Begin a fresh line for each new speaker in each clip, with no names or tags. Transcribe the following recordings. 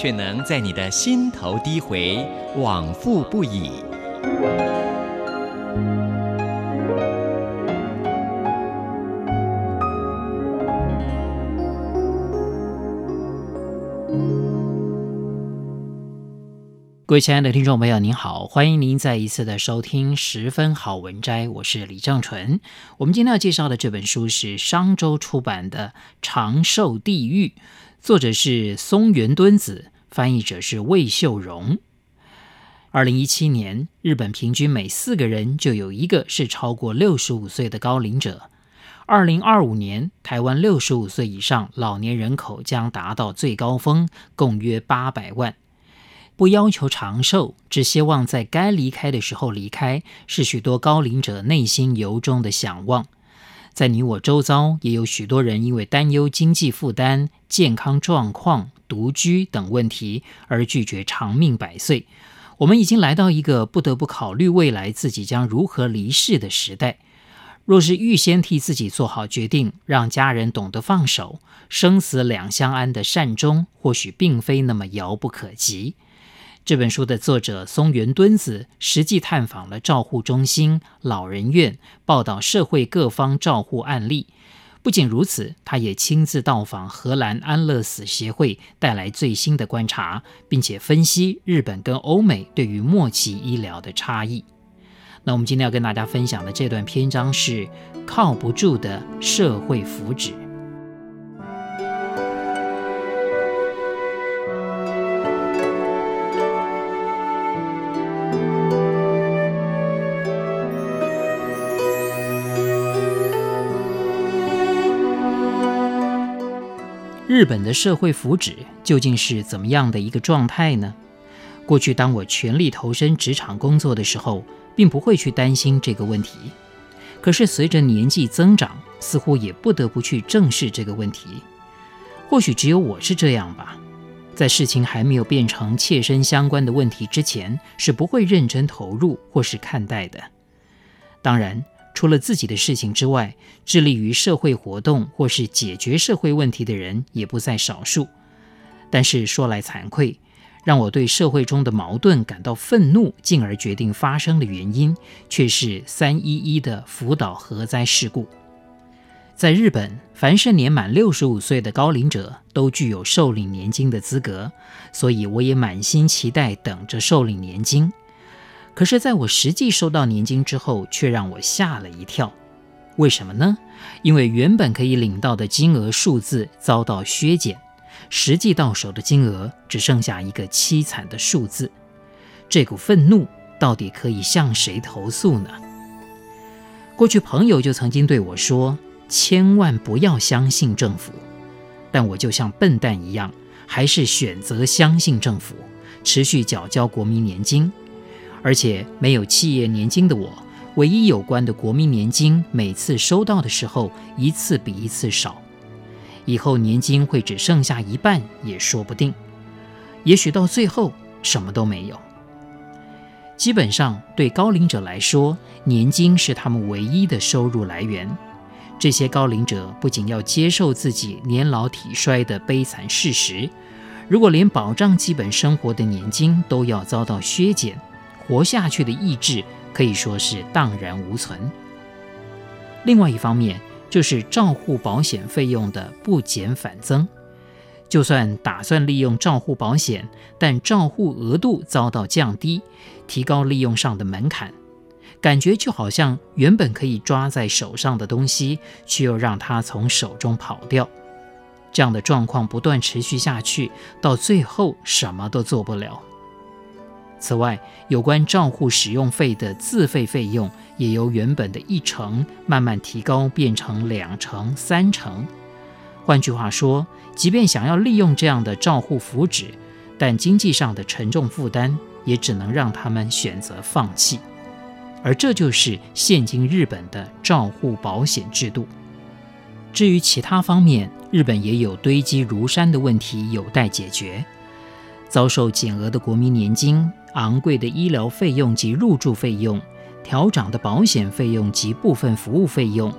卻能在你的心頭低回，往複不已。各位親愛的聽眾朋友，您好，歡迎您再一次的收聽《十分好文摘》，我是李正淳。我們今天要介紹的這本書是商周出版的《長壽地獄》。作者是松原惇子，翻譯者是魏秀容。二零一七年，日本平均每四個人，就有一個是超過六十五歲的高齡者。二零二五年，台灣六十五歲以上老年人口將達到最高峰，共約八百萬。不要求長壽，只希望在該離開的時候離開，是許多高齡者內心由衷的想望。在你我周遭，也有許多人因為擔憂經濟負擔、健康狀況、獨居等問題而拒絕長命百歲。我們已經來到一個不得不考慮未來自己將如何離世的時代。若是預先替自己做好決定，讓家人懂得放手，生死兩相安的善終，或許並非那麼遙不可及。這本書的作者松原惇子實際探訪了照護中心、老人院，報道社會各方照護案例。不僅如此，她也親自到訪荷蘭安樂死協會，帶來最新的觀察，並且分析日本跟歐美對於末期醫療的差異。那我們今天要跟大家分享的這段篇章是《靠不住的社會福祉》。日本的社會福祉究竟是怎麼樣的一個狀態呢？過去，當我全力投身職場工作的時候，並不會去擔心這個問題。可是，隨着年紀增長，似乎也不得不去正視這個問題。或許只有我是這樣吧，在事情還沒有變成切身相關的問題之前，是不會認真投入或是看待的。當然，除了自己的事情之外，致力於社會活動或是解決社會問題的人也不在少數。但是說來慚愧，讓我對社會中的矛盾感到憤怒，進而決定發聲的原因，卻是三一一的福島核災事故。在日本，凡是年滿六十五歲的高齡者都具有受領年金的資格，所以我也滿心期待等着受領年金。可是，在我實際收到年金之後，卻讓我嚇了一跳。為什麼呢？因為原本可以領到的金額數字遭到削減，實際到手的金額只剩下一個淒慘的數字。這股憤怒到底可以向誰投訴呢？過去朋友就曾經對我說：“千萬不要相信政府。”但我就像笨蛋一樣，還是選擇相信政府，持續繳交國民年金。而且沒有企業年金的我，唯一有關的國民年金，每次收到的時候一次比一次少，以後年金會只剩下一半也說不定，也許到最後什麼都沒有。基本上對高齡者來說，年金是他們唯一的收入來源。這些高齡者不僅要接受自己年老體衰的悲慘事實，如果連保障基本生活的年金都要遭到削減，活下去的意志可以說是蕩然無存。另外一方面，就是照護保險費用的不減反增。就算打算利用照護保險，但照護額度遭到降低，提高利用上的門檻，感覺就好像原本可以抓在手上的東西，卻又讓它從手中跑掉。這樣的狀況不斷持續下去，到最後什麼都做不了。此外，有關照護使用費的自費費用也由原本的一成慢慢提高變成兩成、三成。換句話說，即便想要利用這樣的照護福祉，但經濟上的沉重負擔也只能讓他們選擇放棄。而這就是現今日本的照護保險制度。至於其他方面，日本也有堆積如山的問題有待解決，遭受減額的國民年金。昂貴的醫療費用及入住費用，調漲的保險費用及部分服務費用，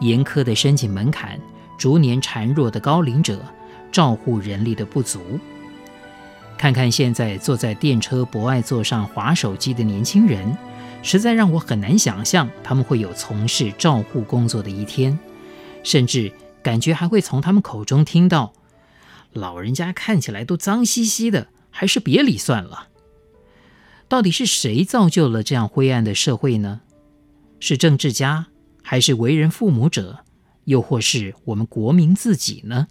嚴苛的申請門檻，逐年孱弱的高齡者，照護人力的不足。看看現在坐在電車博愛座上滑手機的年輕人，實在讓我很難想象他們會有從事照護工作的一天，甚至感覺還會從他們口中聽到：“老人家看起來都髒兮兮的，還是別理算了。”到底是誰造就了這樣灰暗的社會呢？是政治家，還是為人父母者，又或是我們國民自己呢？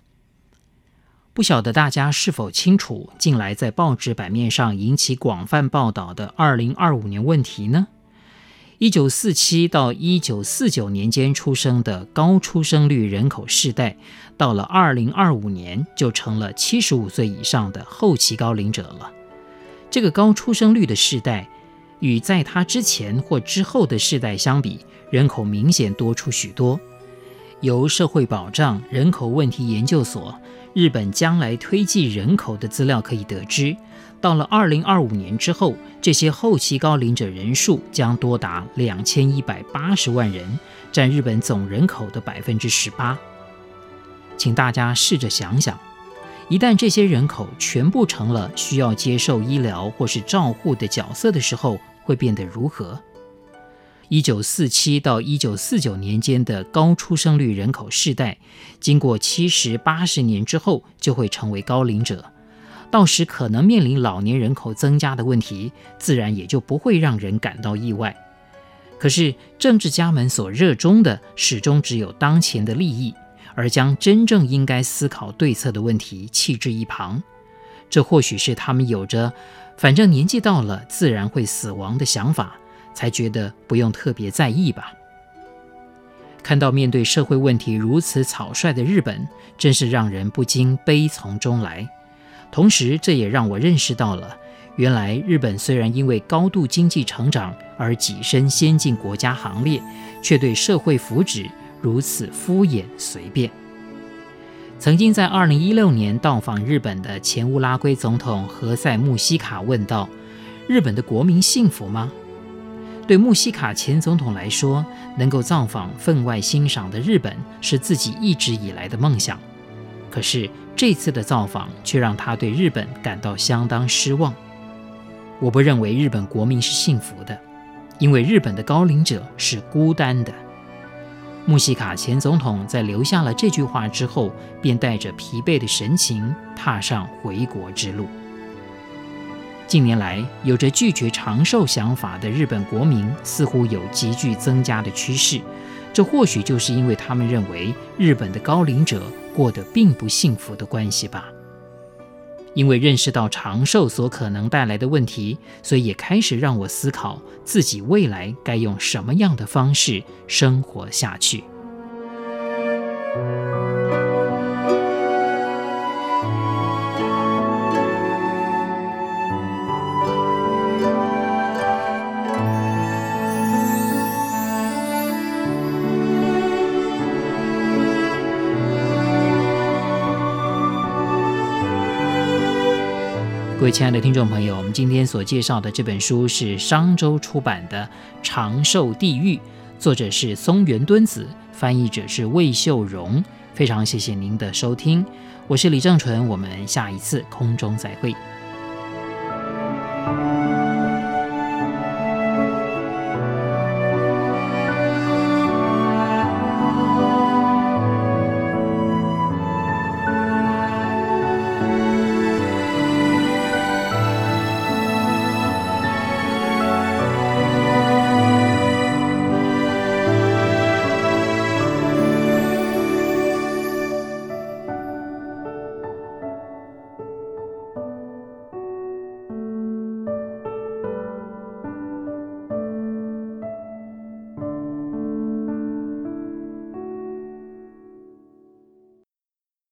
不曉得大家是否清楚，近來在報紙版面上引起廣泛報道的2025年問題呢？1947到1949年間出生的高出生率人口世代，到了2025年就成了75歲以上的後期高齡者了。這個高出生率的世代，與在他之前或之後的世代相比，人口明顯多出許多。由社會保障人口問題研究所《日本將來推計人口》的資料可以得知，到了2025年之後，這些後期高齡者人數將多達2180萬人，佔日本總人口的18%。請大家試着想想。一旦這些人口全部成了需要接受醫療或是照護的角色的時候，會變得如何？一九四七到一九四九年間的高出生率人口世代，經過七十八十年之後，就會成為高齡者，到時可能面臨老年人口增加的問題，自然也就不會讓人感到意外。可是政治家們所熱衷的，始終只有當前的利益。而將真正應該思考對策的問題棄之一旁，這或許是他們有着“反正年紀到了，自然會死亡”的想法，才覺得不用特別在意吧。看到面對社會問題如此草率的日本，真是讓人不禁悲從中來。同時，這也讓我認識到了，原來日本雖然因為高度經濟成長而躋身先進國家行列，卻對社會福祉，如此敷衍隨便。曾經在2016年到訪日本的前烏拉圭總統何塞·穆希卡問道：“日本的國民幸福嗎？”對穆希卡前總統來說，能夠造訪分外欣賞的日本是自己一直以來的夢想。可是這次的造訪卻讓他對日本感到相當失望。我不認為日本國民是幸福的，因為日本的高齡者是孤單的。穆希卡前總統在留下了這句話之後，便帶着疲憊的神情踏上回國之路。近年來，有着拒絕長壽想法的日本國民似乎有急劇增加的趨勢，這或許就是因為他們認為日本的高齡者過得並不幸福的關係吧。因為認識到長壽所可能帶來的問題，所以也開始讓我思考自己未來該用什麼樣的方式生活下去。各位親愛的聽眾朋友，我們今天所介紹的這本書是商周出版的《長壽地獄》，作者是松原惇子，翻譯者是魏秀容。非常謝謝您的收聽，我是李正淳，我們下一次空中再會。